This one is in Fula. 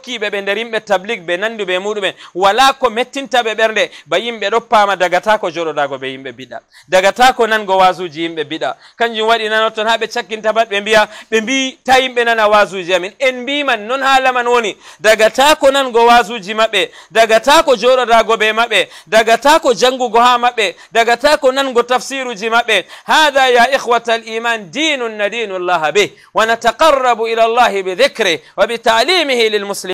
rokkiɓe ɓe nder yimɓe tabligue ɓe nanduɓe muɗumen wala ko mettinta ɓe ɓernde ba yimɓe ɗoppama dagata ko joɗoɗago ɓe yimɓe biɗa dagata ko nango wasuji yimɓe biɗa kanjum waɗi nanotton ha ɓe cakkinta pat ɓe mbiya ɓe mbi ta yimɓe nana wasuji amin en mbiman noon haala man woni dagata ko nango wasuji maɓɓe dagata ko joɗoɗago ɓe maɓɓe dagata ko jangugo ha maɓɓe dagata ko nango tafsiruji maɓɓe hada ya ihwata al iman dinun na dinu llaha bih ونتقرب إلى الله بذكره وبتعليمه للمسلمين